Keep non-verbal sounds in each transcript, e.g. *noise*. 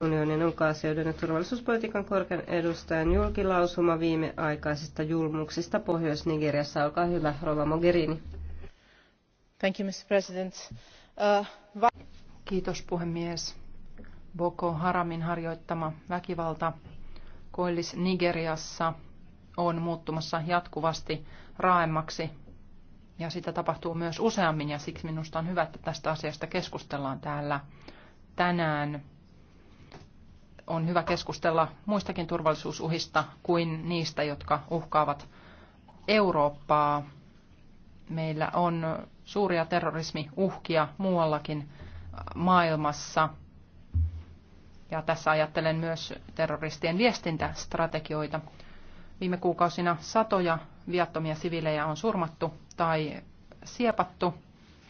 unionin ulkoasioiden ja turvallisuuspolitiikan korkean edustajan julkilausuma viimeaikaisista julmuuksista Pohjois-Nigeriassa. Olkaa hyvä, Rova Mogherini. Thank you, Mr. President. Uh, va- Kiitos puhemies. Boko Haramin harjoittama väkivalta Koillis-Nigeriassa on muuttumassa jatkuvasti raaemmaksi ja sitä tapahtuu myös useammin ja siksi minusta on hyvä, että tästä asiasta keskustellaan täällä tänään on hyvä keskustella muistakin turvallisuusuhista kuin niistä, jotka uhkaavat Eurooppaa. Meillä on suuria terrorismiuhkia muuallakin maailmassa. Ja tässä ajattelen myös terroristien viestintästrategioita. Viime kuukausina satoja viattomia siviilejä on surmattu tai siepattu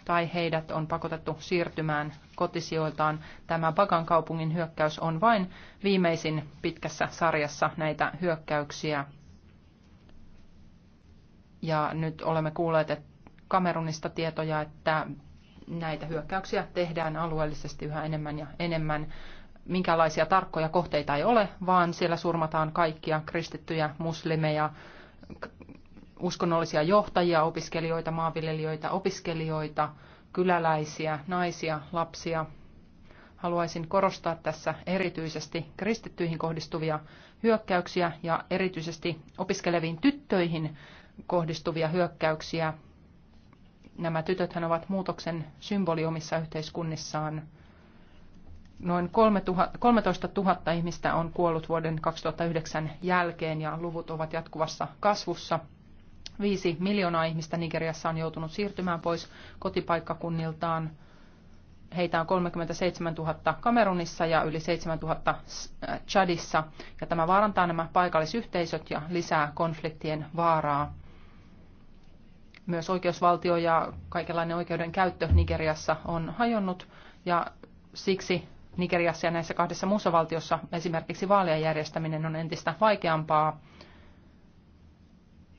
tai heidät on pakotettu siirtymään kotisijoiltaan. Tämä Bagan kaupungin hyökkäys on vain viimeisin pitkässä sarjassa näitä hyökkäyksiä. Ja nyt olemme kuulleet että Kamerunista tietoja, että näitä hyökkäyksiä tehdään alueellisesti yhä enemmän ja enemmän. Minkälaisia tarkkoja kohteita ei ole, vaan siellä surmataan kaikkia kristittyjä, muslimeja, uskonnollisia johtajia, opiskelijoita, maanviljelijöitä, opiskelijoita, kyläläisiä, naisia, lapsia. Haluaisin korostaa tässä erityisesti kristittyihin kohdistuvia hyökkäyksiä ja erityisesti opiskeleviin tyttöihin kohdistuvia hyökkäyksiä. Nämä tytöthän ovat muutoksen symboli omissa yhteiskunnissaan. Noin 13 000 ihmistä on kuollut vuoden 2009 jälkeen ja luvut ovat jatkuvassa kasvussa – Viisi miljoonaa ihmistä Nigeriassa on joutunut siirtymään pois kotipaikkakunniltaan. Heitä on 37 000 Kamerunissa ja yli 7 000 Chadissa. Ja tämä vaarantaa nämä paikallisyhteisöt ja lisää konfliktien vaaraa. Myös oikeusvaltio ja kaikenlainen käyttö Nigeriassa on hajonnut ja siksi Nigeriassa ja näissä kahdessa muussa valtiossa esimerkiksi vaalien järjestäminen on entistä vaikeampaa.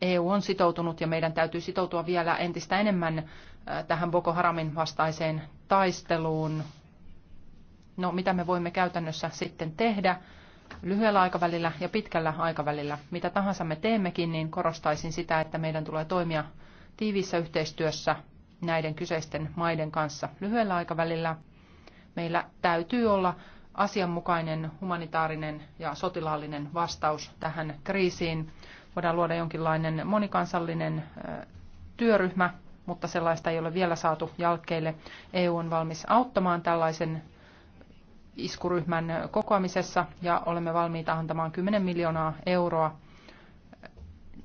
EU on sitoutunut ja meidän täytyy sitoutua vielä entistä enemmän äh, tähän Boko Haramin vastaiseen taisteluun. No, mitä me voimme käytännössä sitten tehdä lyhyellä aikavälillä ja pitkällä aikavälillä? Mitä tahansa me teemmekin, niin korostaisin sitä, että meidän tulee toimia tiiviissä yhteistyössä näiden kyseisten maiden kanssa lyhyellä aikavälillä. Meillä täytyy olla asianmukainen humanitaarinen ja sotilaallinen vastaus tähän kriisiin voidaan luoda jonkinlainen monikansallinen työryhmä, mutta sellaista ei ole vielä saatu jalkeille. EU on valmis auttamaan tällaisen iskuryhmän kokoamisessa ja olemme valmiita antamaan 10 miljoonaa euroa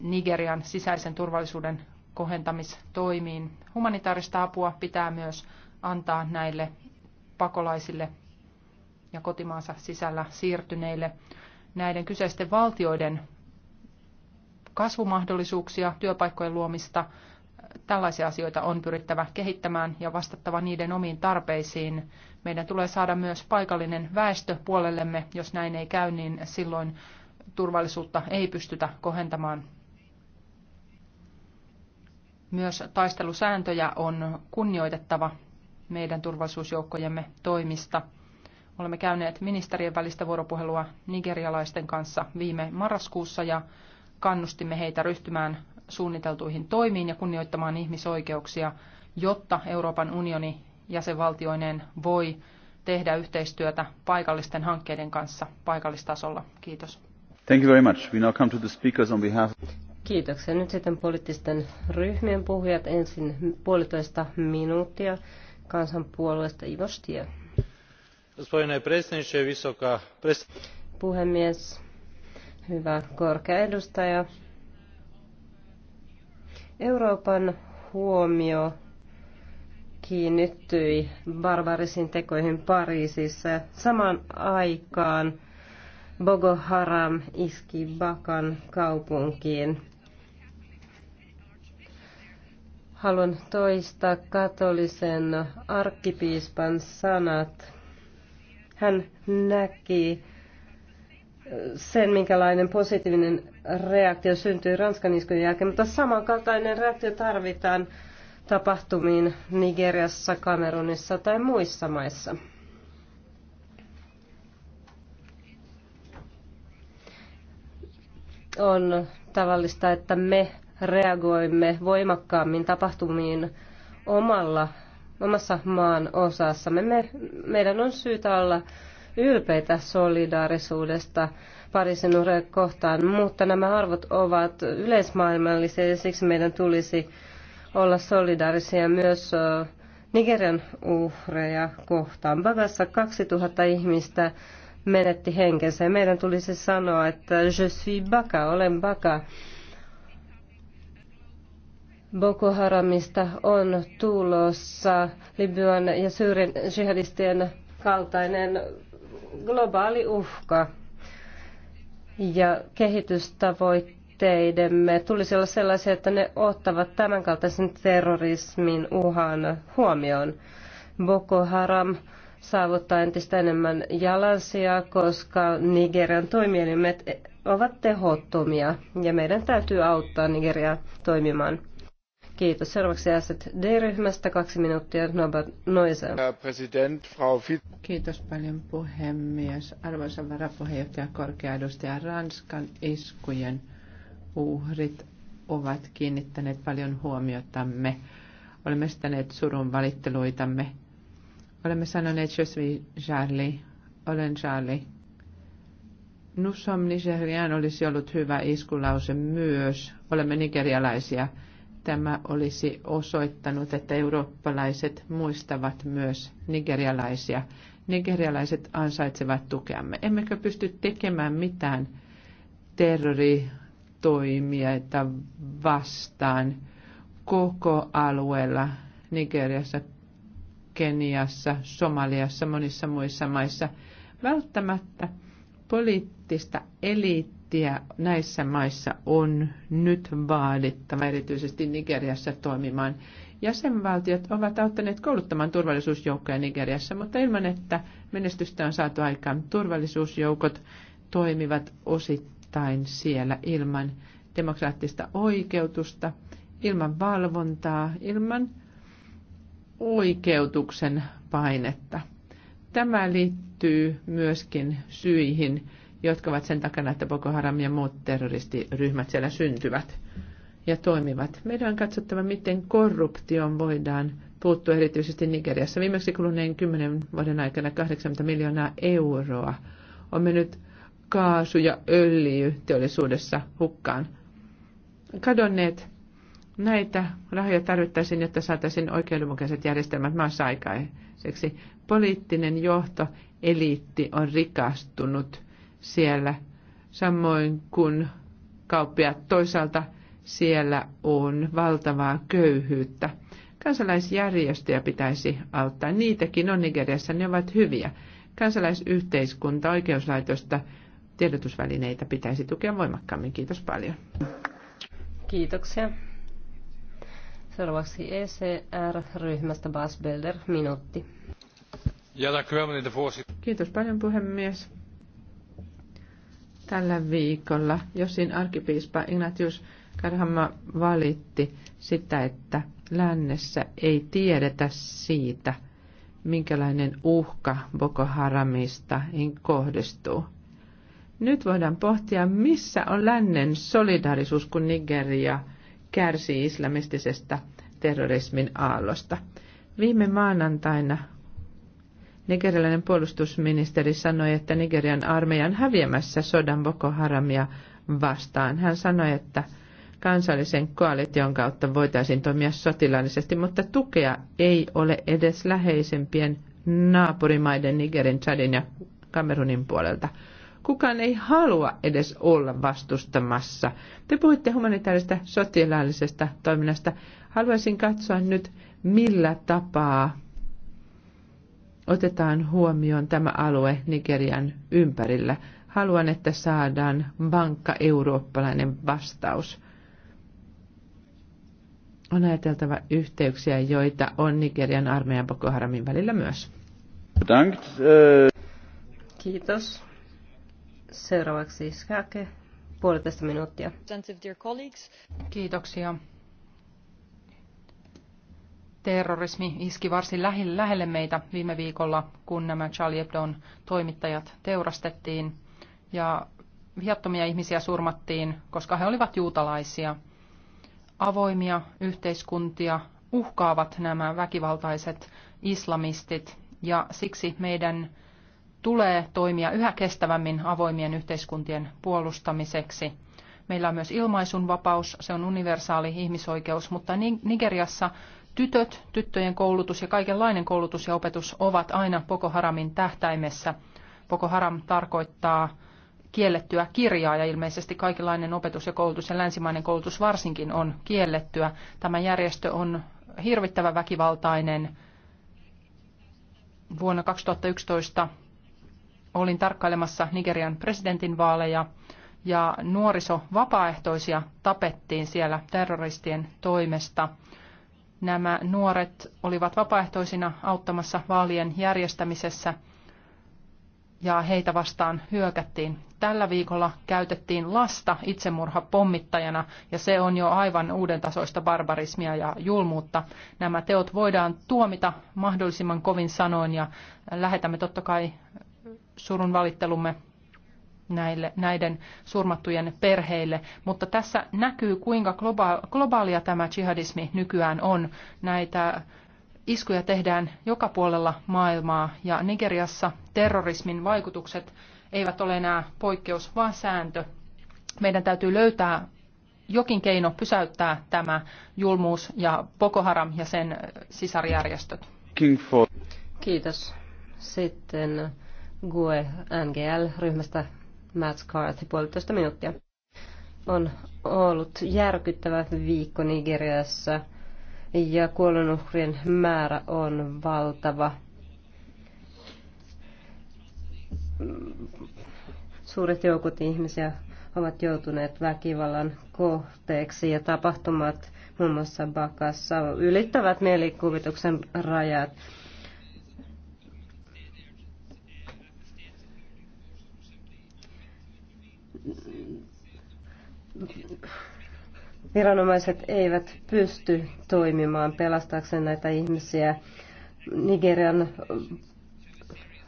Nigerian sisäisen turvallisuuden kohentamistoimiin. Humanitaarista apua pitää myös antaa näille pakolaisille ja kotimaansa sisällä siirtyneille. Näiden kyseisten valtioiden kasvumahdollisuuksia, työpaikkojen luomista. Tällaisia asioita on pyrittävä kehittämään ja vastattava niiden omiin tarpeisiin. Meidän tulee saada myös paikallinen väestö puolellemme. Jos näin ei käy, niin silloin turvallisuutta ei pystytä kohentamaan. Myös taistelusääntöjä on kunnioitettava meidän turvallisuusjoukkojemme toimista. Olemme käyneet ministerien välistä vuoropuhelua nigerialaisten kanssa viime marraskuussa ja kannustimme heitä ryhtymään suunniteltuihin toimiin ja kunnioittamaan ihmisoikeuksia, jotta Euroopan unioni jäsenvaltioineen voi tehdä yhteistyötä paikallisten hankkeiden kanssa paikallistasolla. Kiitos. Thank you very much. We now come to the speakers on behalf... Kiitoksia. Nyt sitten poliittisten ryhmien puhujat ensin puolitoista minuuttia kansanpuolueesta Ivo Stier. Puhemies, hyvä korkea edustaja. Euroopan huomio kiinnittyi barbarisiin tekoihin Pariisissa. Samaan aikaan Bogo Haram iski Bakan kaupunkiin. Haluan toistaa katolisen arkkipiispan sanat. Hän näki sen, minkälainen positiivinen reaktio syntyi Ranskan iskun jälkeen, mutta samankaltainen reaktio tarvitaan tapahtumiin Nigeriassa, Kamerunissa tai muissa maissa. On tavallista, että me reagoimme voimakkaammin tapahtumiin omalla, omassa maan osassamme. Me, meidän on syytä olla ylpeitä solidaarisuudesta Pariisin uhreja kohtaan, mutta nämä arvot ovat yleismaailmallisia ja siksi meidän tulisi olla solidaarisia myös Nigerian uhreja kohtaan. Bagassa 2000 ihmistä menetti henkensä ja meidän tulisi sanoa, että je suis Baka, olen Baka. Boko Haramista on tulossa Libyan ja Syyrin jihadistien kaltainen globaali uhka ja kehitystavoitteidemme tulisi olla sellaisia, että ne ottavat tämänkaltaisen terrorismin uhan huomioon. Boko Haram saavuttaa entistä enemmän jalansia, koska Nigerian toimielimet ovat tehottomia ja meidän täytyy auttaa Nigeriaa toimimaan. Kiitos. Seuraavaksi SD-ryhmästä kaksi minuuttia. Noisa. Kiitos paljon puhemies. Arvoisa varapuheenjohtaja korkea edustaja Ranskan iskujen uhrit ovat kiinnittäneet paljon huomiotamme. Olemme estäneet surun valitteluitamme. Olemme sanoneet, että jos Charlie, olen Charlie. Nusom Nigerian olisi ollut hyvä iskulause myös. Olemme nigerialaisia Tämä olisi osoittanut, että eurooppalaiset muistavat myös nigerialaisia. Nigerialaiset ansaitsevat tukeamme. Emmekö pysty tekemään mitään terroritoimijaita vastaan koko alueella Nigeriassa, Keniassa, Somaliassa, monissa muissa maissa. Välttämättä poliittista eliittiä viestiä näissä maissa on nyt vaadittava, erityisesti Nigeriassa toimimaan. Jäsenvaltiot ovat auttaneet kouluttamaan turvallisuusjoukkoja Nigeriassa, mutta ilman että menestystä on saatu aikaan. Turvallisuusjoukot toimivat osittain siellä ilman demokraattista oikeutusta, ilman valvontaa, ilman oikeutuksen painetta. Tämä liittyy myöskin syihin jotka ovat sen takana, että Boko Haram ja muut terroristiryhmät siellä syntyvät ja toimivat. Meidän on katsottava, miten korruptioon voidaan puuttua erityisesti Nigeriassa. Viimeksi kuluneen kymmenen vuoden aikana 80 miljoonaa euroa on mennyt kaasu- ja öljyteollisuudessa hukkaan. Kadonneet näitä rahoja tarvittaisiin, jotta saataisiin oikeudenmukaiset järjestelmät maassa aikaiseksi. Poliittinen johto, eliitti on rikastunut siellä, samoin kuin kauppiaat toisaalta siellä on valtavaa köyhyyttä. Kansalaisjärjestöjä pitäisi auttaa. Niitäkin on Nigeriassa, ne ovat hyviä. Kansalaisyhteiskunta, oikeuslaitosta, tiedotusvälineitä pitäisi tukea voimakkaammin. Kiitos paljon. Kiitoksia. Seuraavaksi ECR-ryhmästä Bas Belder, minuutti. Kiitos paljon puhemies tällä viikolla, josin arkipiispa Ignatius Karhamma valitti sitä, että lännessä ei tiedetä siitä, minkälainen uhka Boko Haramista kohdistuu. Nyt voidaan pohtia, missä on lännen solidaarisuus, kun Nigeria kärsii islamistisesta terrorismin aallosta. Viime maanantaina Nigerialainen puolustusministeri sanoi, että Nigerian armeija on häviämässä sodan Boko Haramia vastaan. Hän sanoi, että kansallisen koalition kautta voitaisiin toimia sotilaallisesti, mutta tukea ei ole edes läheisempien naapurimaiden Nigerin, Chadin ja Kamerunin puolelta. Kukaan ei halua edes olla vastustamassa. Te puhuitte humanitaarista sotilaallisesta toiminnasta. Haluaisin katsoa nyt, millä tapaa otetaan huomioon tämä alue Nigerian ympärillä. Haluan, että saadaan vankka eurooppalainen vastaus. On ajateltava yhteyksiä, joita on Nigerian armeijan Boko Haramin välillä myös. Kiitos. Seuraavaksi Skake, puolitoista minuuttia. Kiitoksia Terrorismi iski varsin lähelle meitä viime viikolla, kun nämä Charlie Hebdon toimittajat teurastettiin ja viattomia ihmisiä surmattiin, koska he olivat juutalaisia. Avoimia yhteiskuntia uhkaavat nämä väkivaltaiset islamistit ja siksi meidän tulee toimia yhä kestävämmin avoimien yhteiskuntien puolustamiseksi. Meillä on myös ilmaisunvapaus, se on universaali ihmisoikeus, mutta Nigeriassa Tytöt, tyttöjen koulutus ja kaikenlainen koulutus ja opetus ovat aina Boko Haramin tähtäimessä. Boko Haram tarkoittaa kiellettyä kirjaa ja ilmeisesti kaikenlainen opetus ja koulutus ja länsimainen koulutus varsinkin on kiellettyä. Tämä järjestö on hirvittävä väkivaltainen. Vuonna 2011 olin tarkkailemassa Nigerian presidentinvaaleja ja nuoriso tapettiin siellä terroristien toimesta. Nämä nuoret olivat vapaaehtoisina auttamassa vaalien järjestämisessä ja heitä vastaan hyökättiin. Tällä viikolla käytettiin lasta itsemurhapommittajana ja se on jo aivan uuden tasoista barbarismia ja julmuutta. Nämä teot voidaan tuomita mahdollisimman kovin sanoin ja lähetämme totta kai surun valittelumme näille, näiden surmattujen perheille. Mutta tässä näkyy, kuinka globaalia tämä jihadismi nykyään on. Näitä iskuja tehdään joka puolella maailmaa ja Nigeriassa terrorismin vaikutukset eivät ole enää poikkeus, vaan sääntö. Meidän täytyy löytää jokin keino pysäyttää tämä julmuus ja Boko Haram ja sen sisarjärjestöt. Kiitos. Sitten GUE NGL-ryhmästä Matt Carthy, puolitoista minuuttia. On ollut järkyttävä viikko Nigeriassa ja kuolonuhrien määrä on valtava. Suuret joukot ihmisiä ovat joutuneet väkivallan kohteeksi ja tapahtumat muun muassa Bakassa ylittävät mielikuvituksen rajat. viranomaiset eivät pysty toimimaan pelastaakseen näitä ihmisiä. Nigerian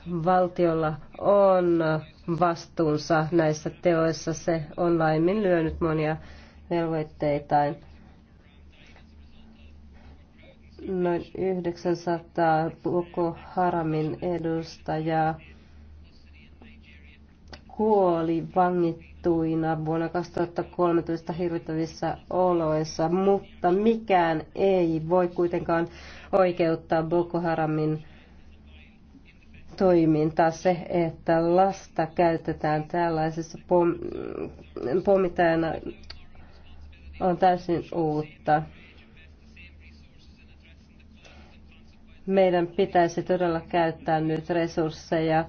valtiolla on vastuunsa näissä teoissa. Se on laiminlyönyt monia velvoitteita. Noin 900 Boko Haramin edustajaa kuoli vangittuina vuonna 2013 hirvittävissä oloissa, mutta mikään ei voi kuitenkaan oikeuttaa Boko Haramin toimintaa se, että lasta käytetään tällaisessa pom pommittajana on täysin uutta. Meidän pitäisi todella käyttää nyt resursseja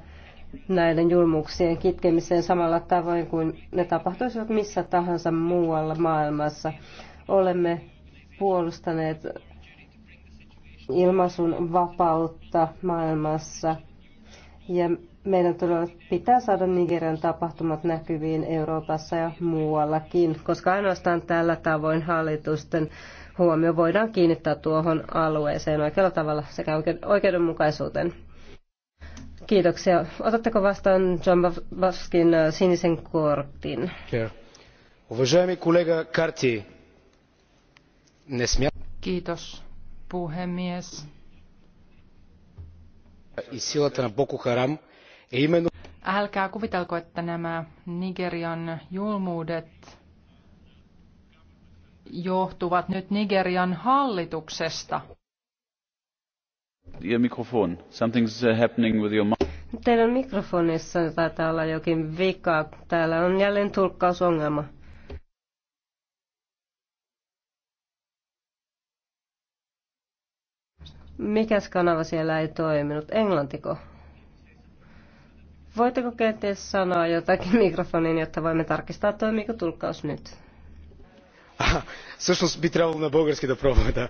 näiden julmuuksien kitkemiseen samalla tavoin kuin ne tapahtuisivat missä tahansa muualla maailmassa. Olemme puolustaneet ilmaisun vapautta maailmassa ja meidän todella pitää saada Nigerian tapahtumat näkyviin Euroopassa ja muuallakin, koska ainoastaan tällä tavoin hallitusten huomio voidaan kiinnittää tuohon alueeseen oikealla tavalla sekä oikeudenmukaisuuteen. Kiitoksia. Otatteko vastaan John Bavskin äh, sinisen kortin? Kiitos, puhemies. Älkää kuvitelko, että nämä Nigerian julmuudet johtuvat nyt Nigerian hallituksesta. Your microphone. Something's uh, happening with your Teidän mikrofonissa taitaa olla jokin vika. Täällä on jälleen tulkkausongelma. Mikäs kanava siellä ei toiminut? Englantiko? Voitteko kenties sanoa jotakin *laughs* mikrofoniin, jotta voimme tarkistaa, toimiiko tulkkaus nyt? Слушно би трябвало на български да пробваме, да.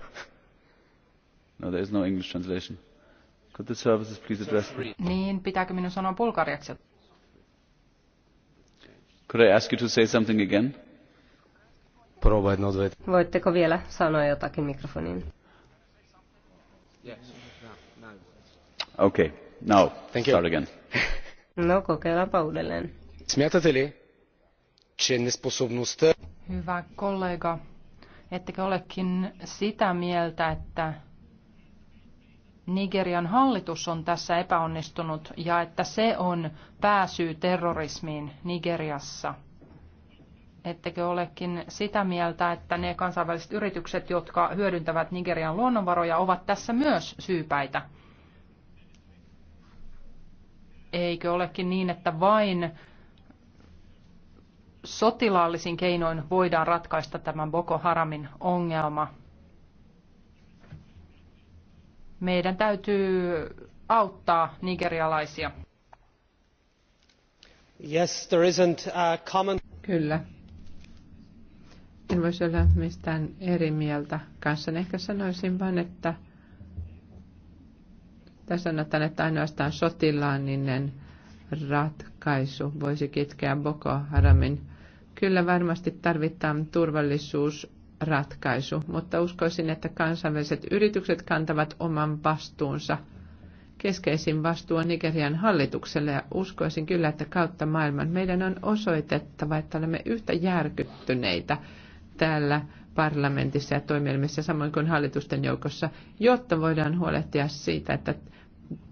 No, there is no English translation. Could the services please address... Niin, pitääkö minun sanoa bulgariaksi? Could I ask you to say something again? Voitteko vielä sanoa jotakin mikrofoniin? Yes. Okay, now Thank start you. again. *laughs* no, kokeillaanpa uudelleen. Смятате Hyvä kollega, ettekö olekin sitä mieltä, että Nigerian hallitus on tässä epäonnistunut ja että se on pääsyy terrorismiin Nigeriassa. Ettekö olekin sitä mieltä, että ne kansainväliset yritykset, jotka hyödyntävät Nigerian luonnonvaroja, ovat tässä myös syypäitä? Eikö olekin niin, että vain sotilaallisin keinoin voidaan ratkaista tämän Boko Haramin ongelma? Meidän täytyy auttaa nigerialaisia. Yes, there isn't a common... Kyllä. En voisi olla mistään eri mieltä kanssa. Ehkä sanoisin vain, että tässä sanotaan, että ainoastaan sotilaaninen ratkaisu voisi kitkeä Boko Haramin. Kyllä varmasti tarvitaan turvallisuus ratkaisu, mutta uskoisin, että kansainväliset yritykset kantavat oman vastuunsa. Keskeisin vastuu on Nigerian hallitukselle ja uskoisin kyllä, että kautta maailman meidän on osoitettava, että olemme yhtä järkyttyneitä täällä parlamentissa ja toimielimissä samoin kuin hallitusten joukossa, jotta voidaan huolehtia siitä, että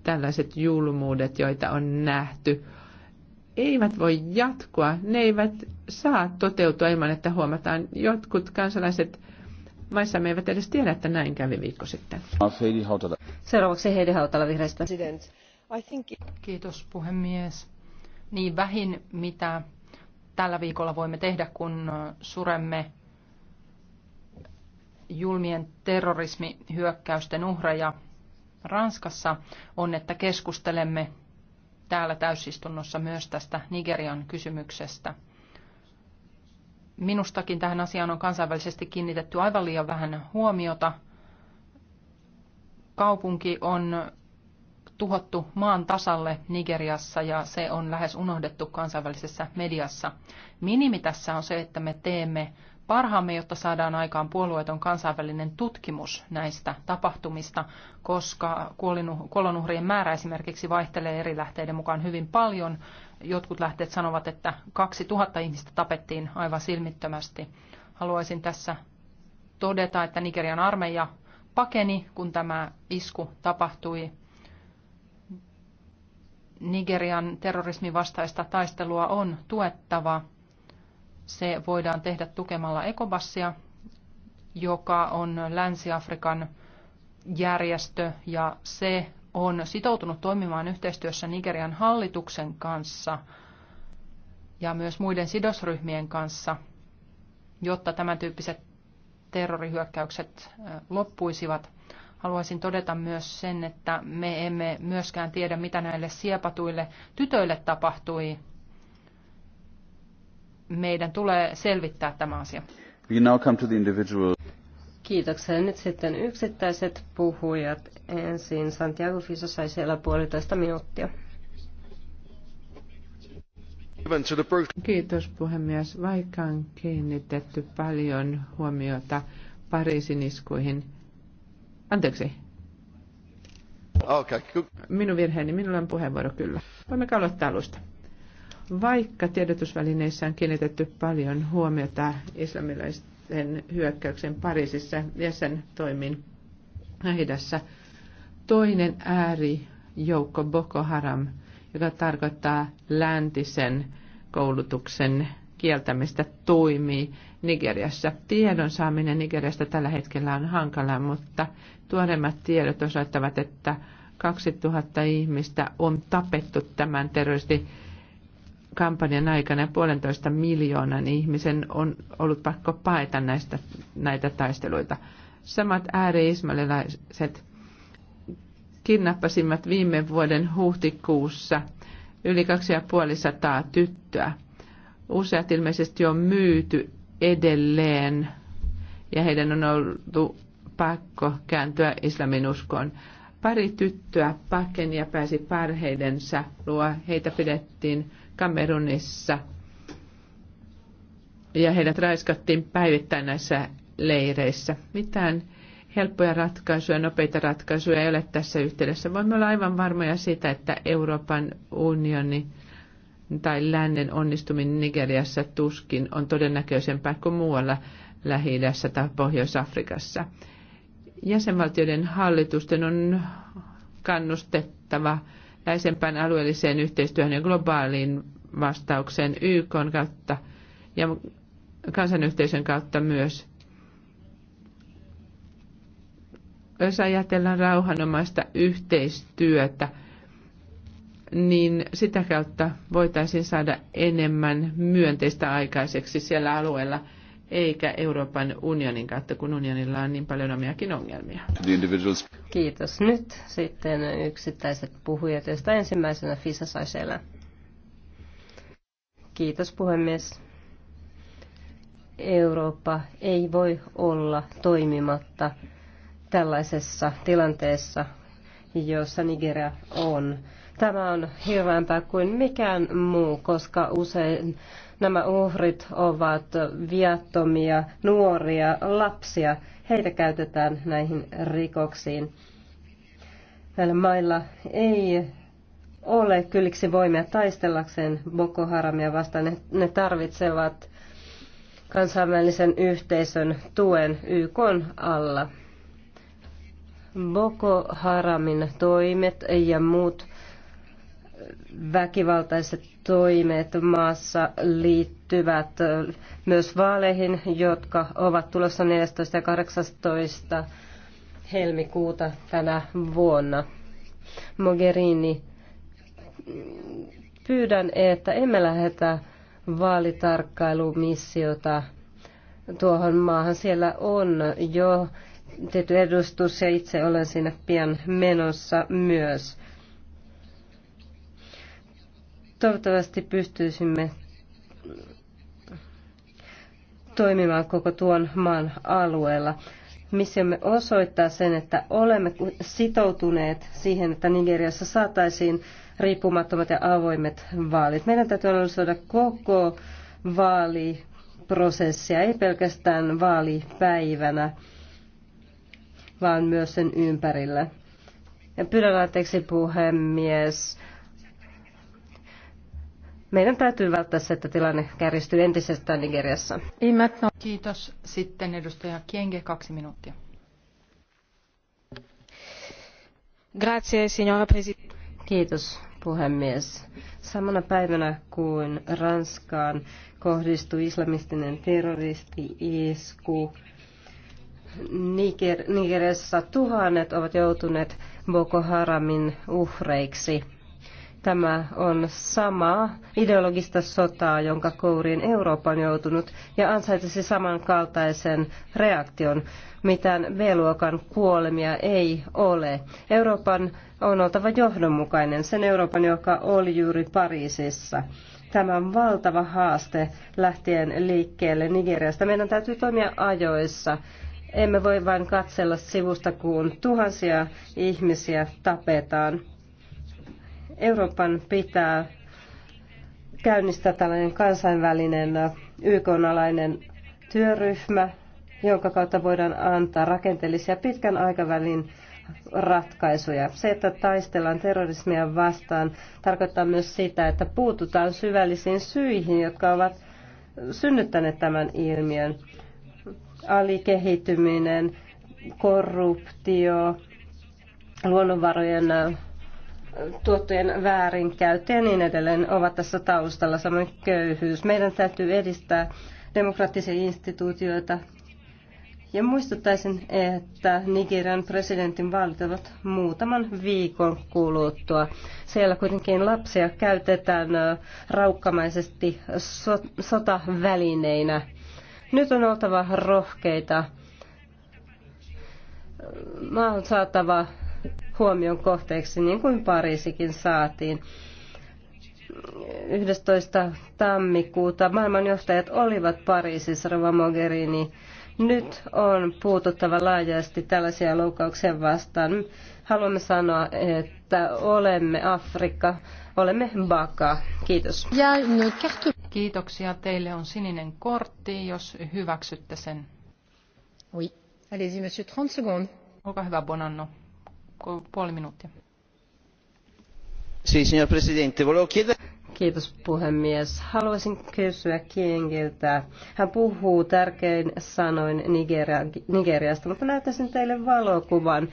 tällaiset julmuudet, joita on nähty, eivät voi jatkua, ne eivät saa toteutua ilman, että huomataan. Jotkut kansalaiset me eivät edes tiedä, että näin kävi viikko sitten. Seuraavaksi Heidi Hautala vihreistä. Kiitos puhemies. Niin vähin, mitä tällä viikolla voimme tehdä, kun suremme julmien terrorismihyökkäysten uhreja Ranskassa, on, että keskustelemme täällä täysistunnossa myös tästä Nigerian kysymyksestä. Minustakin tähän asiaan on kansainvälisesti kiinnitetty aivan liian vähän huomiota. Kaupunki on tuhottu maan tasalle Nigeriassa ja se on lähes unohdettu kansainvälisessä mediassa. Minimi tässä on se, että me teemme parhaamme, jotta saadaan aikaan puolueeton kansainvälinen tutkimus näistä tapahtumista, koska kuolonuhrien määrä esimerkiksi vaihtelee eri lähteiden mukaan hyvin paljon. Jotkut lähteet sanovat, että 2000 ihmistä tapettiin aivan silmittömästi. Haluaisin tässä todeta, että Nigerian armeija pakeni, kun tämä isku tapahtui. Nigerian terrorismin vastaista taistelua on tuettava – se voidaan tehdä tukemalla Ekobassia, joka on Länsi-Afrikan järjestö ja se on sitoutunut toimimaan yhteistyössä Nigerian hallituksen kanssa ja myös muiden sidosryhmien kanssa, jotta tämän tyyppiset terrorihyökkäykset loppuisivat. Haluaisin todeta myös sen, että me emme myöskään tiedä, mitä näille siepatuille tytöille tapahtui meidän tulee selvittää tämä asia. We now come to the individual. Kiitoksia. Nyt sitten yksittäiset puhujat. Ensin Santiago Fiso sai siellä puolitoista minuuttia. Kiitos puhemies. Vaikka on kiinnitetty paljon huomiota Pariisin iskuihin. Anteeksi. Okay. Minun virheeni, minulla on puheenvuoro kyllä. Voimme aloittaa alusta. Vaikka tiedotusvälineissä on kiinnitetty paljon huomiota islamilaisten hyökkäyksen Pariisissa ja sen toimin lähidässä, toinen äärijoukko Boko Haram, joka tarkoittaa läntisen koulutuksen kieltämistä toimii Nigeriassa. Tiedon saaminen Nigeriasta tällä hetkellä on hankalaa, mutta tuoreimmat tiedot osoittavat, että 2000 ihmistä on tapettu tämän terroristin kampanjan aikana puolentoista miljoonan ihmisen on ollut pakko paeta näistä, näitä taisteluita. Samat ääri-ismaililaiset kidnappasimmat viime vuoden huhtikuussa yli 2500 tyttöä. Useat ilmeisesti on myyty edelleen ja heidän on ollut pakko kääntyä islamin uskoon. Pari tyttöä pakeni ja pääsi parheidensa luo. Heitä pidettiin Kamerunissa. Ja heidät raiskattiin päivittäin näissä leireissä. Mitään helppoja ratkaisuja, nopeita ratkaisuja ei ole tässä yhteydessä. Voimme olla aivan varmoja siitä, että Euroopan unioni tai lännen onnistuminen Nigeriassa tuskin on todennäköisempää kuin muualla lähi tai Pohjois-Afrikassa. Jäsenvaltioiden hallitusten on kannustettava läheisempään alueelliseen yhteistyöhön ja globaaliin vastaukseen YK kautta ja kansanyhteisön kautta myös. Jos ajatellaan rauhanomaista yhteistyötä, niin sitä kautta voitaisiin saada enemmän myönteistä aikaiseksi siellä alueella – eikä Euroopan unionin kautta, kun unionilla on niin paljon omiakin ongelmia. Kiitos. Nyt sitten yksittäiset puhujat, joista ensimmäisenä Fisa Saisela. Kiitos puhemies. Eurooppa ei voi olla toimimatta tällaisessa tilanteessa, jossa Nigeria on. Tämä on hirveämpää kuin mikään muu, koska usein Nämä uhrit ovat viattomia nuoria lapsia. Heitä käytetään näihin rikoksiin. Näillä mailla ei ole kylliksi voimia taistellakseen Boko Haramia vastaan. Ne, tarvitsevat kansainvälisen yhteisön tuen YK alla. Boko Haramin toimet ja muut väkivaltaiset toimet maassa liittyvät myös vaaleihin, jotka ovat tulossa 14. ja 18. helmikuuta tänä vuonna. Mogherini, pyydän, että emme lähetä vaalitarkkailumissiota tuohon maahan. Siellä on jo tietty edustus ja itse olen siinä pian menossa myös. Toivottavasti pystyisimme toimimaan koko tuon maan alueella. Missiomme osoittaa sen, että olemme sitoutuneet siihen, että Nigeriassa saataisiin riippumattomat ja avoimet vaalit. Meidän täytyy analysoida koko vaaliprosessia, ei pelkästään vaalipäivänä, vaan myös sen ympärillä. Ja pyydän anteeksi puhemies meidän täytyy välttää se, että tilanne kärjistyy entisestään Nigeriassa. No- Kiitos. Sitten edustaja Kienge, kaksi minuuttia. Grazie, signora Presidente. Kiitos, puhemies. Samana päivänä kuin Ranskaan kohdistui islamistinen terroristi-isku, Niger, Nigeriassa tuhannet ovat joutuneet Boko Haramin uhreiksi. Tämä on samaa ideologista sotaa, jonka kouriin Eurooppa on joutunut ja ansaitsisi samankaltaisen reaktion. Mitään B-luokan kuolemia ei ole. Euroopan on oltava johdonmukainen, sen Euroopan, joka oli juuri Pariisissa. Tämä on valtava haaste lähtien liikkeelle Nigeriasta. Meidän täytyy toimia ajoissa. Emme voi vain katsella sivusta, kun tuhansia ihmisiä tapetaan. Euroopan pitää käynnistää tällainen kansainvälinen YK-alainen työryhmä, jonka kautta voidaan antaa rakenteellisia pitkän aikavälin ratkaisuja. Se, että taistellaan terrorismia vastaan, tarkoittaa myös sitä, että puututaan syvällisiin syihin, jotka ovat synnyttäneet tämän ilmiön. Alikehityminen, korruptio, luonnonvarojen tuottojen väärinkäyttö ja niin edelleen ovat tässä taustalla, samoin köyhyys. Meidän täytyy edistää demokraattisia instituutioita. Ja muistuttaisin, että Nigerian presidentin vaalit ovat muutaman viikon kuluttua. Siellä kuitenkin lapsia käytetään raukkamaisesti sotavälineinä. Nyt on oltava rohkeita. Mä on saatava huomion kohteeksi, niin kuin Pariisikin saatiin. 11. tammikuuta maailmanjohtajat olivat Pariisissa, Rova Mogherini. Nyt on puututtava laajasti tällaisia loukkauksia vastaan. Haluamme sanoa, että olemme Afrikka, olemme Baka. Kiitos. Kiitoksia. Teille on sininen kortti, jos hyväksytte sen. Oui. Allez-y, monsieur, 30 secondes. Olkaa hyvä, Bonanno puoli minuuttia. Sì, signor Presidente, volevo chiedere... Kiitos puhemies. Haluaisin kysyä Kiengiltä. Hän puhuu tärkein sanoin Nigeria, Nigeriasta, mutta näyttäisin teille valokuvan.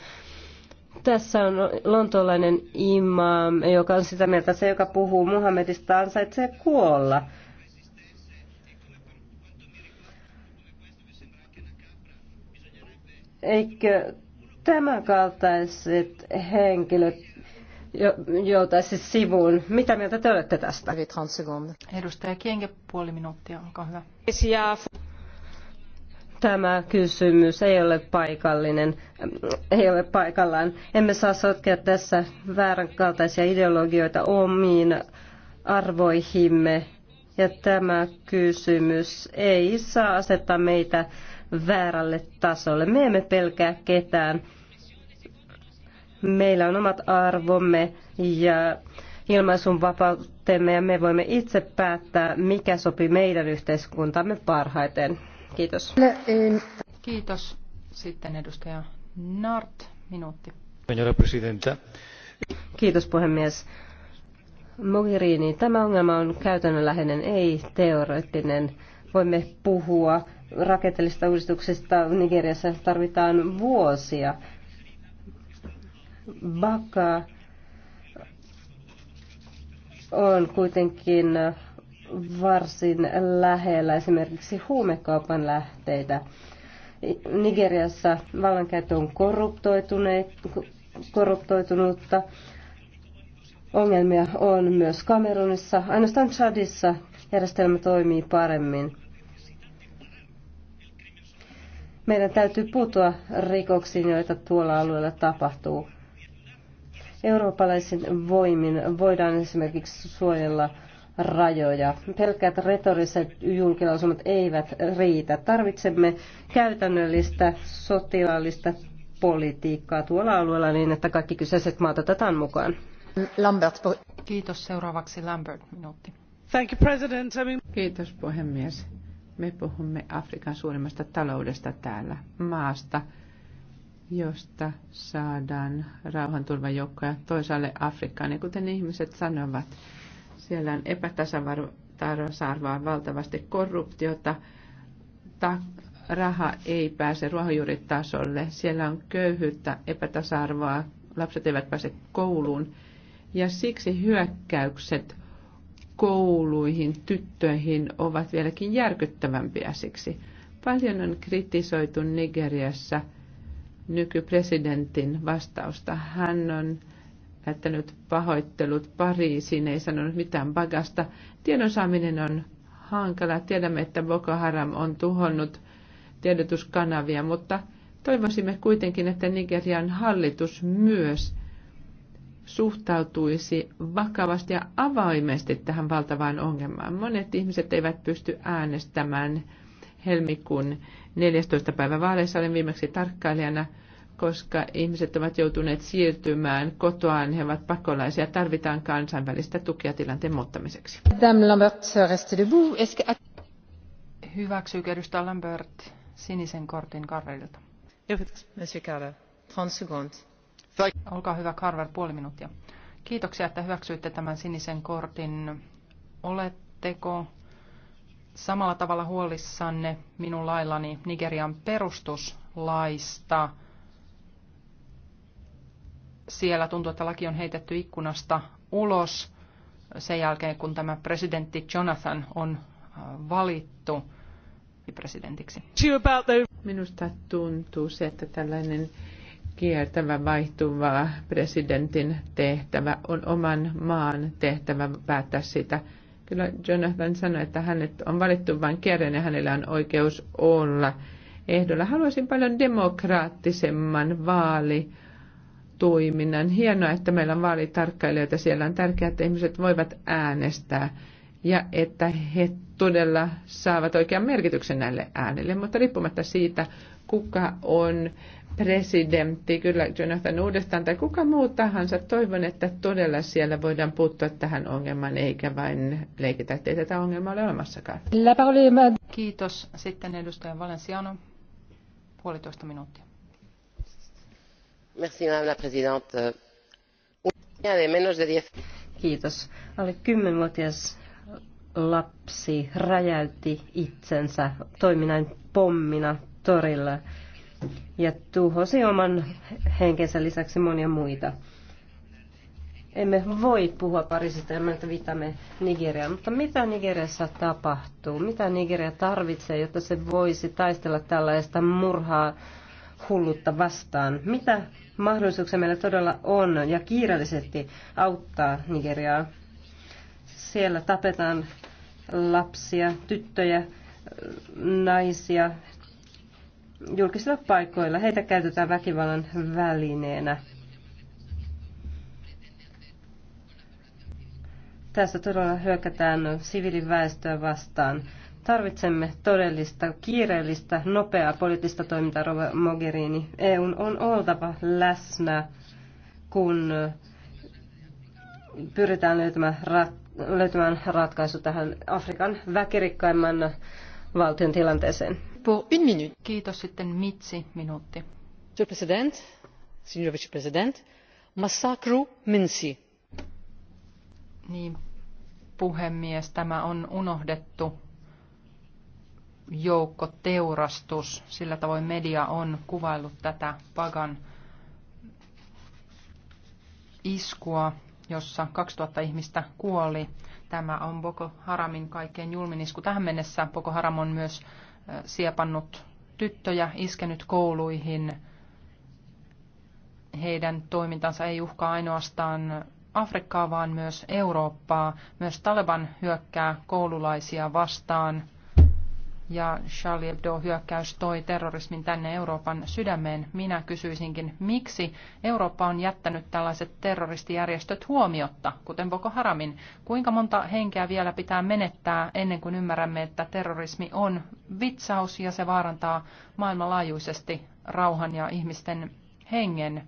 Tässä on lontoolainen imam, joka on sitä mieltä, että se, joka puhuu Muhammedista, ansaitsee kuolla. Eikö tämänkaltaiset henkilöt joutaisi siis sivuun. Mitä mieltä te olette tästä? Edustaja Kienge, puoli minuuttia, olkaa hyvä. Tämä kysymys ei ole paikallinen, ei ole paikallaan. Emme saa sotkea tässä vääränkaltaisia ideologioita omiin arvoihimme. Ja tämä kysymys ei saa asettaa meitä väärälle tasolle. Me emme pelkää ketään. Meillä on omat arvomme ja ilmaisun vapautemme ja me voimme itse päättää, mikä sopii meidän yhteiskuntamme parhaiten. Kiitos. Kiitos. Sitten edustaja Nart, minuutti. Kiitos puhemies. Mogherini, tämä ongelma on käytännönläheinen, ei teoreettinen. Voimme puhua rakenteellisista uudistuksista Nigeriassa tarvitaan vuosia. Baka on kuitenkin varsin lähellä esimerkiksi huumekaupan lähteitä. Nigeriassa vallankäyttö on korruptoitunutta. Ongelmia on myös Kamerunissa. Ainoastaan Chadissa järjestelmä toimii paremmin. Meidän täytyy puuttua rikoksiin, joita tuolla alueella tapahtuu. Eurooppalaisin voimin voidaan esimerkiksi suojella rajoja. Pelkät retoriset julkilausumat eivät riitä. Tarvitsemme käytännöllistä sotilaallista politiikkaa tuolla alueella niin, että kaikki kyseiset maat otetaan mukaan. Lambert. Kiitos. Seuraavaksi Lambert, minuutti. Thank you, President. I mean... Kiitos, puhemies. Me puhumme Afrikan suurimmasta taloudesta täällä maasta, josta saadaan rauhanturvajoukkoja toisaalle Afrikkaan. Ja kuten ihmiset sanovat, siellä on epätasarvoa, valtavasti korruptiota, ta- raha ei pääse ruohonjuuritasolle, siellä on köyhyyttä, epätasa-arvoa, lapset eivät pääse kouluun. Ja siksi hyökkäykset kouluihin, tyttöihin ovat vieläkin järkyttävämpiä siksi. Paljon on kritisoitu Nigeriassa nykypresidentin vastausta. Hän on jättänyt pahoittelut Pariisiin, ei sanonut mitään bagasta. Tiedon saaminen on hankala. Tiedämme, että Boko Haram on tuhonnut tiedotuskanavia, mutta toivoisimme kuitenkin, että Nigerian hallitus myös – suhtautuisi vakavasti ja avaimesti tähän valtavaan ongelmaan. Monet ihmiset eivät pysty äänestämään helmikuun 14. päivä vaaleissa. Olen viimeksi tarkkailijana, koska ihmiset ovat joutuneet siirtymään kotoaan. He ovat pakolaisia. Tarvitaan kansainvälistä tukea tilanteen muuttamiseksi. Hyväksyykö edustaja Lambert sinisen kortin Karelilta? Monsieur Karel, 30 secondes. Olkaa hyvä, Carver, puoli minuuttia. Kiitoksia, että hyväksyitte tämän sinisen kortin. Oletteko samalla tavalla huolissanne minun laillani Nigerian perustuslaista? Siellä tuntuu, että laki on heitetty ikkunasta ulos sen jälkeen, kun tämä presidentti Jonathan on äh, valittu presidentiksi. Minusta tuntuu se, että tällainen kiertävä vaihtuva presidentin tehtävä on oman maan tehtävä päättää sitä. Kyllä Jonathan sanoi, että hänet on valittu vain kerran ja hänellä on oikeus olla ehdolla. Haluaisin paljon demokraattisemman vaali toiminnan. Hienoa, että meillä on vaalitarkkailijoita. Siellä on tärkeää, että ihmiset voivat äänestää ja että he todella saavat oikean merkityksen näille äänille. Mutta riippumatta siitä, kuka on presidentti, kyllä Jonathan uudestaan tai kuka muu tahansa. Toivon, että todella siellä voidaan puuttua tähän ongelmaan, eikä vain leikitä, ettei tätä ongelmaa ole olemassakaan. Kiitos. Sitten edustaja Valenciano, puolitoista minuuttia. Merci, madame la présidente. Kiitos. Alle 10-vuotias lapsi räjäytti itsensä toiminnan pommina torilla ja tuhosi oman henkensä lisäksi monia muita. Emme voi puhua Pariisista ilman, että viitamme Nigeriaan, mutta mitä Nigeriassa tapahtuu? Mitä Nigeria tarvitsee, jotta se voisi taistella tällaista murhaa hullutta vastaan? Mitä mahdollisuuksia meillä todella on ja kiireellisesti auttaa Nigeriaa? Siellä tapetaan lapsia, tyttöjä, naisia, julkisilla paikoilla. Heitä käytetään väkivallan välineenä. Tässä todella hyökätään siviiliväestöä vastaan. Tarvitsemme todellista, kiireellistä, nopeaa poliittista toimintaa, Rova Mogherini. EU on oltava läsnä, kun pyritään löytämään, rat, löytämään ratkaisu tähän Afrikan väkirikkaimman valtion tilanteeseen. Pour une minute. sitten Mitsi, minuutti. Monsieur President, vice Vicepresident, massakru Minsi. Niin, puhemies, tämä on unohdettu joukkoteurastus. Sillä tavoin media on kuvaillut tätä pagan iskua, jossa 2000 ihmistä kuoli. Tämä on Boko Haramin kaikkein julmin isku tähän mennessä. Boko Haram on myös siepannut tyttöjä, iskenyt kouluihin. Heidän toimintansa ei uhkaa ainoastaan Afrikkaa, vaan myös Eurooppaa. Myös Taleban hyökkää koululaisia vastaan – ja Charlie Hebdo-hyökkäys toi terrorismin tänne Euroopan sydämeen. Minä kysyisinkin, miksi Eurooppa on jättänyt tällaiset terroristijärjestöt huomiotta, kuten Boko Haramin? Kuinka monta henkeä vielä pitää menettää ennen kuin ymmärrämme, että terrorismi on vitsaus ja se vaarantaa maailmanlaajuisesti rauhan ja ihmisten hengen?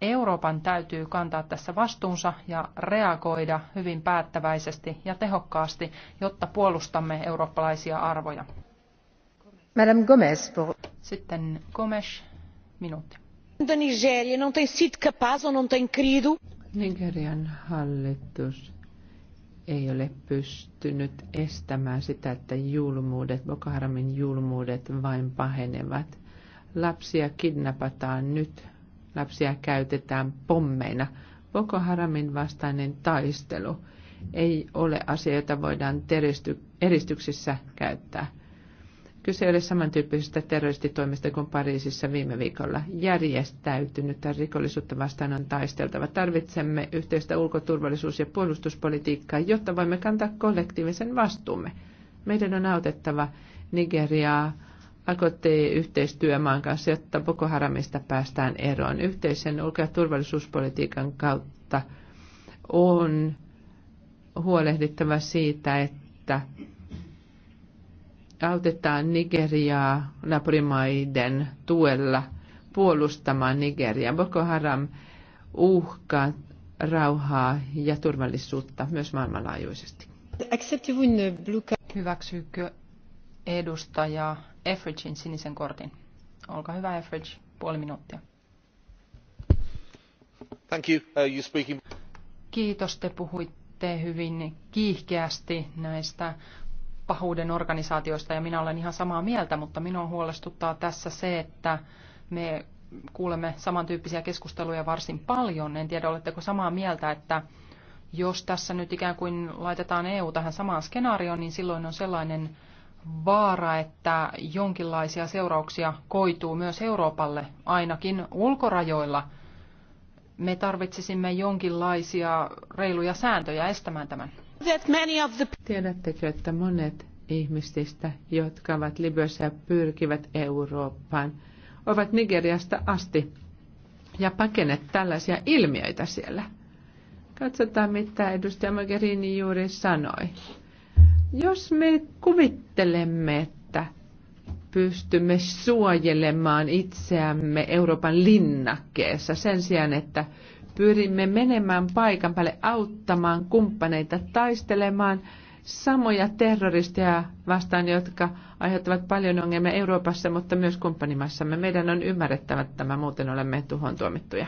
Euroopan täytyy kantaa tässä vastuunsa ja reagoida hyvin päättäväisesti ja tehokkaasti, jotta puolustamme eurooppalaisia arvoja. Madame Gomes. Sitten Gomes, minuutti. Da Nigeria não tem sido capaz ou não tem querido. Nigerian hallitus ei ole pystynyt estämään sitä, että julmuudet, Boko Haramin julmuudet vain pahenevat. Lapsia kidnapataan nyt lapsia käytetään pommeina. Boko Haramin vastainen taistelu ei ole asia, jota voidaan teristy, eristyksissä käyttää. Kyse ei ole samantyyppisestä terroristitoimista kuin Pariisissa viime viikolla. Järjestäytynyttä rikollisuutta vastaan on taisteltava. Tarvitsemme yhteistä ulkoturvallisuus- ja puolustuspolitiikkaa, jotta voimme kantaa kollektiivisen vastuumme. Meidän on autettava Nigeriaa, Alkoitte yhteistyömaan kanssa, jotta Boko Haramista päästään eroon. Yhteisen ulko- ja turvallisuuspolitiikan kautta on huolehdittava siitä, että autetaan Nigeriaa naapurimaiden tuella puolustamaan Nigeriaa. Boko Haram uhkaa rauhaa ja turvallisuutta myös maailmanlaajuisesti. Hyväksyykö edustaja Effridgein sinisen kortin. Olkaa hyvä Effridge, puoli minuuttia. Thank you. Uh, you speaking... Kiitos, te puhuitte hyvin kiihkeästi näistä pahuuden organisaatioista ja minä olen ihan samaa mieltä, mutta minua huolestuttaa tässä se, että me kuulemme samantyyppisiä keskusteluja varsin paljon. En tiedä, oletteko samaa mieltä, että jos tässä nyt ikään kuin laitetaan EU tähän samaan skenaarioon, niin silloin on sellainen vaara, että jonkinlaisia seurauksia koituu myös Euroopalle, ainakin ulkorajoilla. Me tarvitsisimme jonkinlaisia reiluja sääntöjä estämään tämän. Tiedättekö, että monet ihmisistä, jotka ovat Libyassa ja pyrkivät Eurooppaan, ovat Nigeriasta asti ja pakenet tällaisia ilmiöitä siellä. Katsotaan, mitä edustaja Mogherini juuri sanoi. Jos me kuvittelemme, että pystymme suojelemaan itseämme Euroopan linnakkeessa sen sijaan, että pyrimme menemään paikan päälle auttamaan kumppaneita taistelemaan samoja terroristeja vastaan, jotka aiheuttavat paljon ongelmia Euroopassa, mutta myös kumppanimassamme. Meidän on ymmärrettävä tämä, muuten olemme tuhon tuomittuja.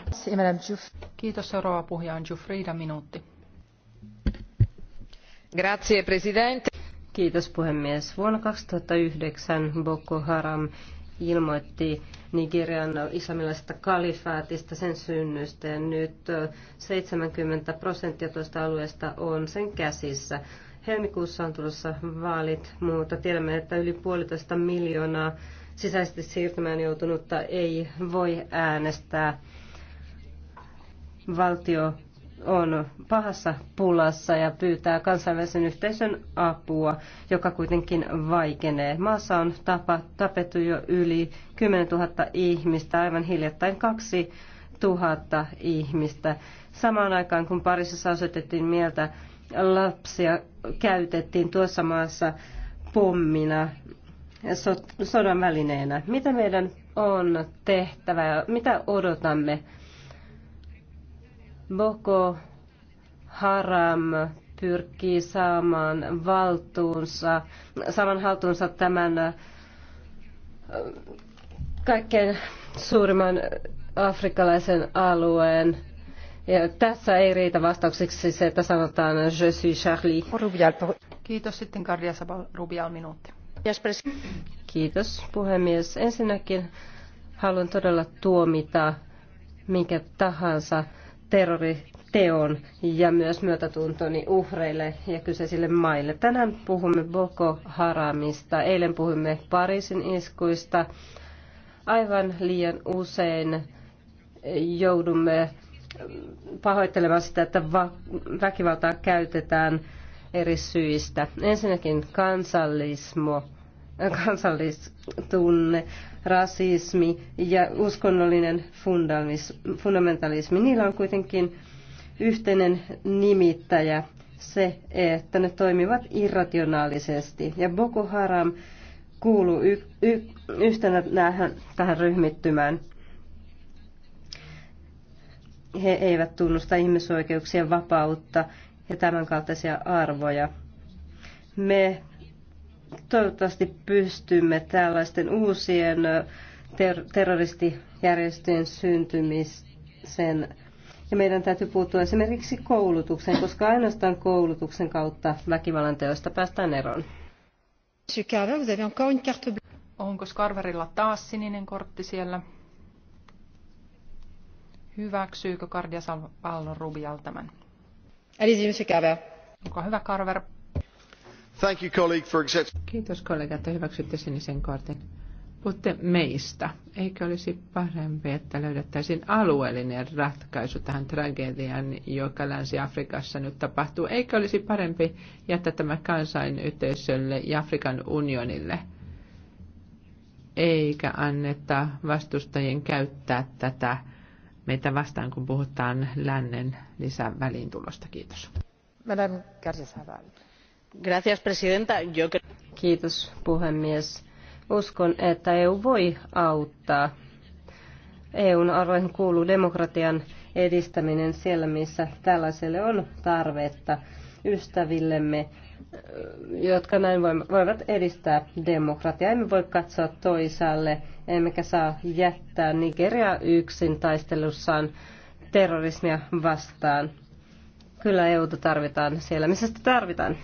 Kiitos. Seuraava puhuja on Jufrida Minuutti. Grazie, president. Kiitos puhemies. Vuonna 2009 Boko Haram ilmoitti Nigerian islamilaisesta kalifaatista sen synnystä ja nyt 70 prosenttia tuosta alueesta on sen käsissä. Helmikuussa on tulossa vaalit, mutta tiedämme, että yli puolitoista miljoonaa sisäisesti siirtymään joutunutta ei voi äänestää. Valtio on pahassa pulassa ja pyytää kansainvälisen yhteisön apua, joka kuitenkin vaikenee. Maassa on tapa, tapettu jo yli 10 000 ihmistä, aivan hiljattain 2 000 ihmistä. Samaan aikaan, kun Pariisissa osoitettiin mieltä, lapsia käytettiin tuossa maassa pommina, sodan välineenä. Mitä meidän on tehtävä ja mitä odotamme Boko Haram pyrkii saamaan valtuunsa, saman haltuunsa tämän äh, kaikkein suurimman afrikkalaisen alueen. Ja tässä ei riitä vastaukseksi se, että sanotaan äh, je suis Charlie. Kiitos sitten Kardia Sabal, Rubial minuutti. Kiitos puhemies. Ensinnäkin haluan todella tuomita minkä tahansa terroriteon ja myös myötätuntoni uhreille ja kyseisille maille. Tänään puhumme Boko Haramista, eilen puhumme Pariisin iskuista. Aivan liian usein joudumme pahoittelemaan sitä, että väkivaltaa käytetään eri syistä. Ensinnäkin kansallismo kansallistunne, rasismi ja uskonnollinen fundamentalismi. Niillä on kuitenkin yhteinen nimittäjä se, että ne toimivat irrationaalisesti. Ja Boko Haram kuuluu y- y- yhtenä nähän, tähän ryhmittymään. He eivät tunnusta ihmisoikeuksien vapautta ja tämän kaltaisia arvoja. Me Toivottavasti pystymme tällaisten uusien ter- terroristijärjestöjen syntymiseen ja meidän täytyy puuttua esimerkiksi koulutukseen, koska ainoastaan koulutuksen kautta väkivallan teoista päästään eroon. Onko Carverilla taas sininen kortti siellä? Hyväksyykö Cardia Rubial tämän? Allez-y, Monsieur Carver. hyvä, Carver. Thank you, colleague, for Kiitos kollega, että hyväksytte sinisen kortin. Puhutte meistä. Eikö olisi parempi, että löydettäisiin alueellinen ratkaisu tähän tragediaan, joka Länsi-Afrikassa nyt tapahtuu? Eikö olisi parempi jättää tämä kansainyhteisölle ja Afrikan unionille? Eikä anneta vastustajien käyttää tätä meitä vastaan, kun puhutaan lännen lisäväliintulosta. Kiitos. Madame Garcia arvoisa Kiitos puhemies. Uskon, että EU voi auttaa. EUn arvoihin kuuluu demokratian edistäminen siellä, missä tällaiselle on tarvetta ystävillemme, jotka näin voivat edistää demokratiaa. Emme voi katsoa toisaalle, emmekä saa jättää Nigeria yksin taistelussaan terrorismia vastaan. Kyllä EUta tarvitaan siellä, missä sitä tarvitaan.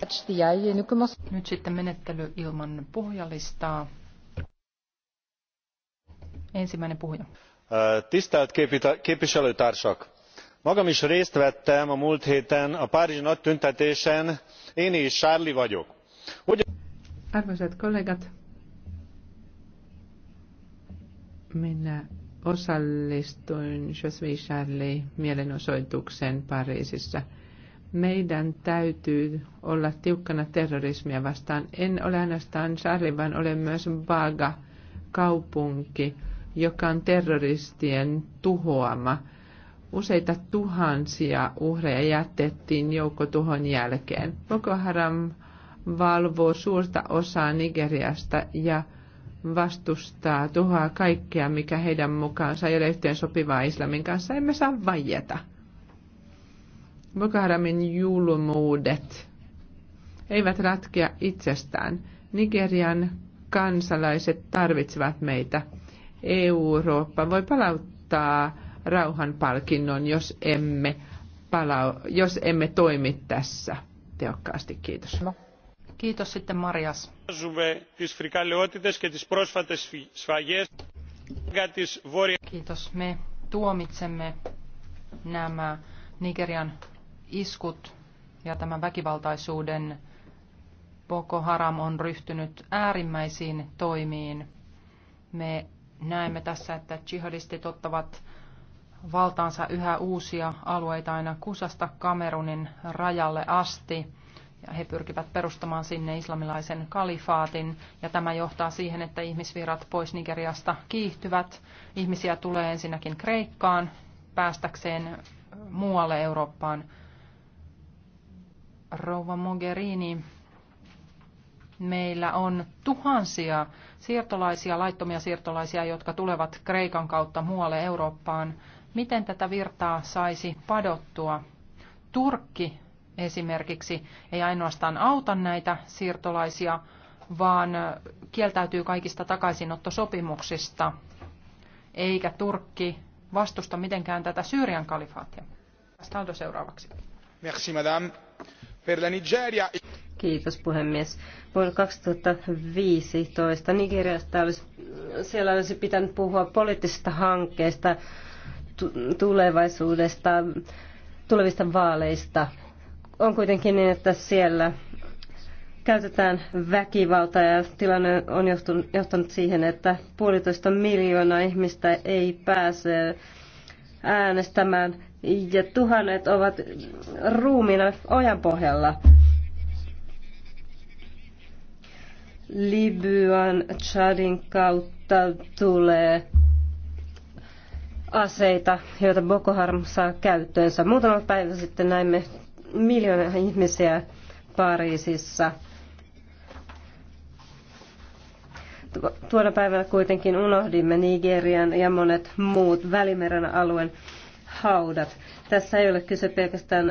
Nyt sitten menettely ilman puhujalistaa. Ensimmäinen puhuja. Äh, tisztelt képviselőtársak! Magam is részt vettem a múlt héten a Párizsi nagy tüntetésen. Én is Sárli vagyok. Arvoisat kollegat, minä osallistuin Sosvi Sárli mielenosoitukseen Pariisissa – meidän täytyy olla tiukkana terrorismia vastaan. En ole ainoastaan Sarli, vaan olen myös Baga kaupunki, joka on terroristien tuhoama. Useita tuhansia uhreja jätettiin joukotuhon jälkeen. Boko Haram valvoo suurta osaa Nigeriasta ja vastustaa tuhoa kaikkea, mikä heidän mukaansa ei ole yhteen sopivaa islamin kanssa. Emme saa vaieta. Boko Haramin julmuudet eivät ratkea itsestään. Nigerian kansalaiset tarvitsevat meitä. Eurooppa voi palauttaa rauhanpalkinnon, jos emme, palau- jos emme toimi tässä tehokkaasti. Kiitos. Kiitos sitten Marias. Kiitos. Me tuomitsemme nämä Nigerian iskut ja tämän väkivaltaisuuden Boko Haram on ryhtynyt äärimmäisiin toimiin. Me näemme tässä, että jihadistit ottavat valtaansa yhä uusia alueita aina Kusasta Kamerunin rajalle asti. Ja he pyrkivät perustamaan sinne islamilaisen kalifaatin. Ja tämä johtaa siihen, että ihmisvirrat pois Nigeriasta kiihtyvät. Ihmisiä tulee ensinnäkin Kreikkaan päästäkseen muualle Eurooppaan rouva Mogherini, meillä on tuhansia siirtolaisia, laittomia siirtolaisia, jotka tulevat Kreikan kautta muualle Eurooppaan. Miten tätä virtaa saisi padottua? Turkki esimerkiksi ei ainoastaan auta näitä siirtolaisia, vaan kieltäytyy kaikista takaisinottosopimuksista, eikä Turkki vastusta mitenkään tätä Syyrian kalifaatia. Staldo seuraavaksi. Merci, madame per la Nigeria. Kiitos puhemies. Vuonna 2015 Nigeriasta olisi, siellä olisi pitänyt puhua poliittisista hankkeista, tulevaisuudesta, tulevista vaaleista. On kuitenkin niin, että siellä käytetään väkivaltaa ja tilanne on johtanut siihen, että puolitoista miljoonaa ihmistä ei pääse äänestämään ja tuhannet ovat ruumina ojan pohjalla. Libyan, Chadin kautta tulee aseita, joita Boko Haram saa käyttöönsä. Muutama päivä sitten näimme miljoona ihmisiä Pariisissa. Tuona päivänä kuitenkin unohdimme Nigerian ja monet muut Välimeren alueen haudat. Tässä ei ole kyse pelkästään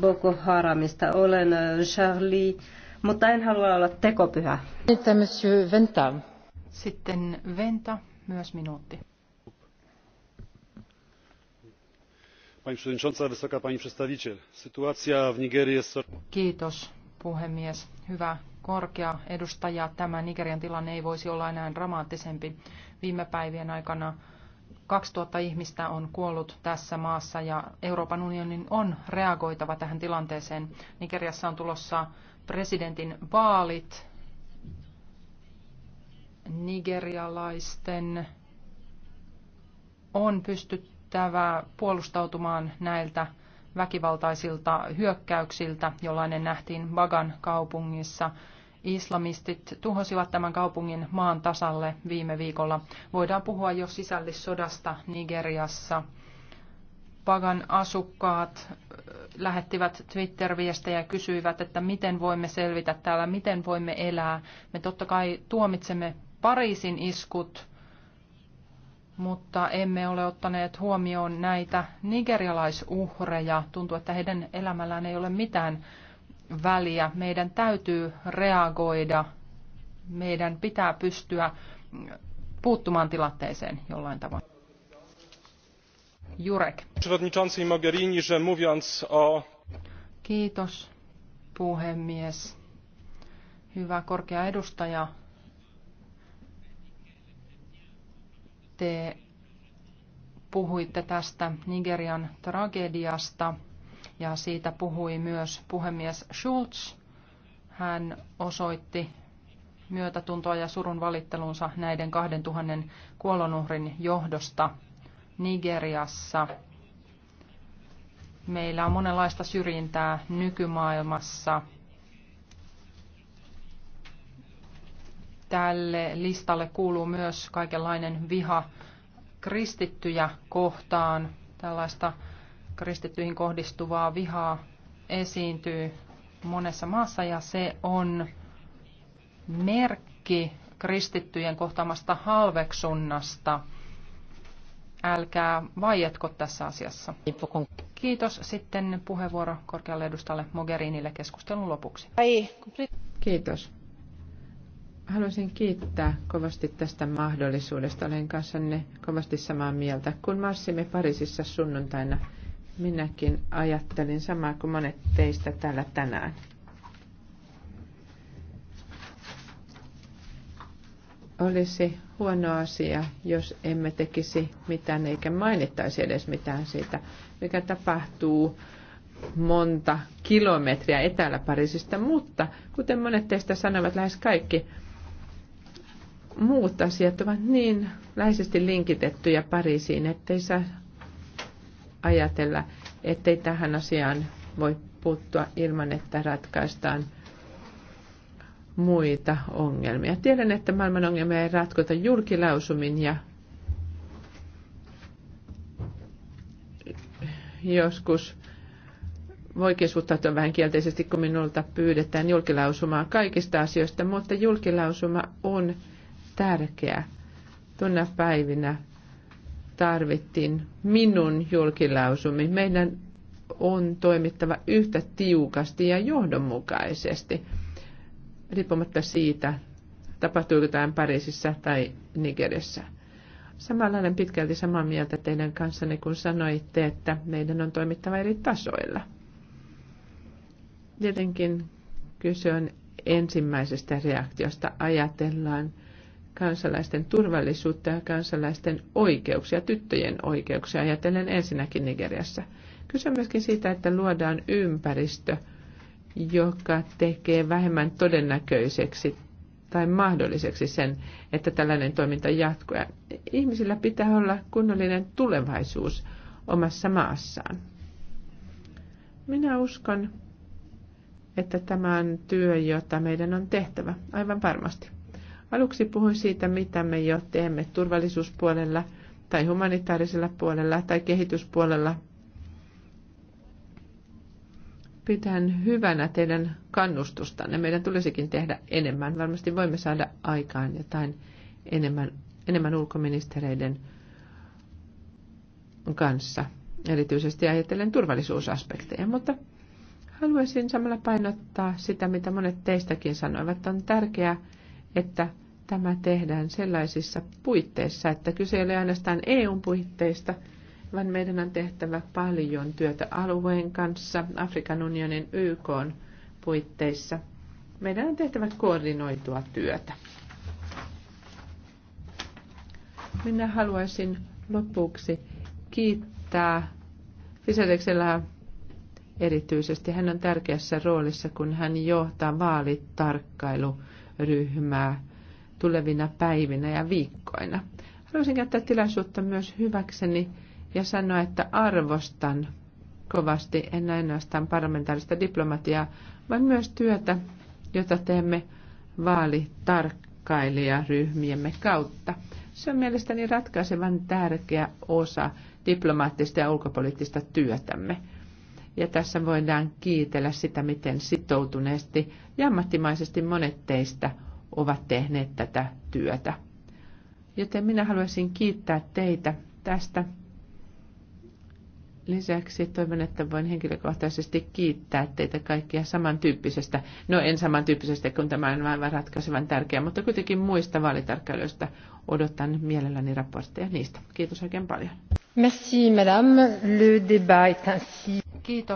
Boko Haramista. Olen äh, Charlie, mutta en halua olla tekopyhä. Sitten Venta, myös minuutti. Pani przewodnicząca, wysoka pani przedstawiciel. Sytuacja w Nigerii jest... Kiitos, puhemies. Hyvä korkea edustaja. Tämä Nigerian tilanne ei voisi olla enää dramaattisempi. Viime päivien aikana 2000 ihmistä on kuollut tässä maassa ja Euroopan unionin on reagoitava tähän tilanteeseen. Nigeriassa on tulossa presidentin vaalit. Nigerialaisten on pystyttävä puolustautumaan näiltä väkivaltaisilta hyökkäyksiltä, jollainen nähtiin Bagan kaupungissa islamistit tuhosivat tämän kaupungin maan tasalle viime viikolla. Voidaan puhua jo sisällissodasta Nigeriassa. Pagan asukkaat lähettivät Twitter-viestejä ja kysyivät, että miten voimme selvitä täällä, miten voimme elää. Me totta kai tuomitsemme Pariisin iskut, mutta emme ole ottaneet huomioon näitä nigerialaisuhreja. Tuntuu, että heidän elämällään ei ole mitään väliä. Meidän täytyy reagoida, meidän pitää pystyä puuttumaan tilanteeseen jollain tavalla. Jurek. Mogherini, że mówiąc o... Kiitos, puhemies. Hyvä korkea edustaja. Te puhuitte tästä Nigerian tragediasta – ja siitä puhui myös puhemies Schulz. Hän osoitti myötätuntoa ja surun valittelunsa näiden 2000 kuolonuhrin johdosta Nigeriassa. Meillä on monenlaista syrjintää nykymaailmassa. Tälle listalle kuuluu myös kaikenlainen viha kristittyjä kohtaan, tällaista kristittyihin kohdistuvaa vihaa esiintyy monessa maassa ja se on merkki kristittyjen kohtaamasta halveksunnasta. Älkää vaietko tässä asiassa. Kiitos. Sitten puheenvuoro korkealle edustalle Mogherinille keskustelun lopuksi. Kiitos. Haluaisin kiittää kovasti tästä mahdollisuudesta. Olen kanssanne kovasti samaa mieltä. Kun marssimme Pariisissa sunnuntaina, Minäkin ajattelin samaa kuin monet teistä täällä tänään. Olisi huono asia, jos emme tekisi mitään eikä mainittaisi edes mitään siitä, mikä tapahtuu monta kilometriä etäällä Pariisista, mutta kuten monet teistä sanovat, lähes kaikki muut asiat ovat niin läheisesti linkitettyjä Pariisiin, ettei saa ajatella, ettei tähän asiaan voi puuttua ilman, että ratkaistaan muita ongelmia. Tiedän, että maailman ongelmia ei ratkota julkilausumin ja joskus voikin suhtautua vähän kielteisesti, kun minulta pyydetään julkilausumaa kaikista asioista, mutta julkilausuma on tärkeä. Tunna päivinä tarvittiin minun julkilausumi. Meidän on toimittava yhtä tiukasti ja johdonmukaisesti, riippumatta siitä, tapahtuuko tämä Pariisissa tai Nigerissä. Samalla olen pitkälti samaa mieltä teidän kanssanne, kun sanoitte, että meidän on toimittava eri tasoilla. Tietenkin kyse on ensimmäisestä reaktiosta. Ajatellaan kansalaisten turvallisuutta ja kansalaisten oikeuksia, tyttöjen oikeuksia ajatellen ensinnäkin Nigeriassa. Kyse on myöskin siitä, että luodaan ympäristö, joka tekee vähemmän todennäköiseksi tai mahdolliseksi sen, että tällainen toiminta jatkuu. Ihmisillä pitää olla kunnollinen tulevaisuus omassa maassaan. Minä uskon, että tämä on työ, jota meidän on tehtävä, aivan varmasti. Aluksi puhuin siitä, mitä me jo teemme turvallisuuspuolella tai humanitaarisella puolella tai kehityspuolella. Pidän hyvänä teidän kannustustanne. Meidän tulisikin tehdä enemmän. Varmasti voimme saada aikaan jotain enemmän, enemmän ulkoministereiden kanssa, erityisesti ajatellen turvallisuusaspekteja. Mutta haluaisin samalla painottaa sitä, mitä monet teistäkin sanoivat. On tärkeää, että tämä tehdään sellaisissa puitteissa, että kyse ei ole ainoastaan eu puitteista, vaan meidän on tehtävä paljon työtä alueen kanssa, Afrikan unionin YK puitteissa. Meidän on tehtävä koordinoitua työtä. Minä haluaisin lopuksi kiittää Fisadeksella erityisesti. Hän on tärkeässä roolissa, kun hän johtaa vaalitarkkailuryhmää tulevina päivinä ja viikkoina. Haluaisin käyttää tilaisuutta myös hyväkseni ja sanoa, että arvostan kovasti en ainoastaan parlamentaarista diplomatiaa, vaan myös työtä, jota teemme vaalitarkkailijaryhmiemme kautta. Se on mielestäni ratkaisevan tärkeä osa diplomaattista ja ulkopoliittista työtämme. Ja tässä voidaan kiitellä sitä, miten sitoutuneesti ja ammattimaisesti monet teistä ovat tehneet tätä työtä. Joten minä haluaisin kiittää teitä tästä. Lisäksi toivon, että voin henkilökohtaisesti kiittää teitä kaikkia samantyyppisestä, no en samantyyppisestä kun tämä on aivan ratkaisevan tärkeä, mutta kuitenkin muista vaalitarkkailuista odotan mielelläni raportteja niistä. Kiitos oikein paljon. Merci, madame. Le débat est ainsi. Kiitos.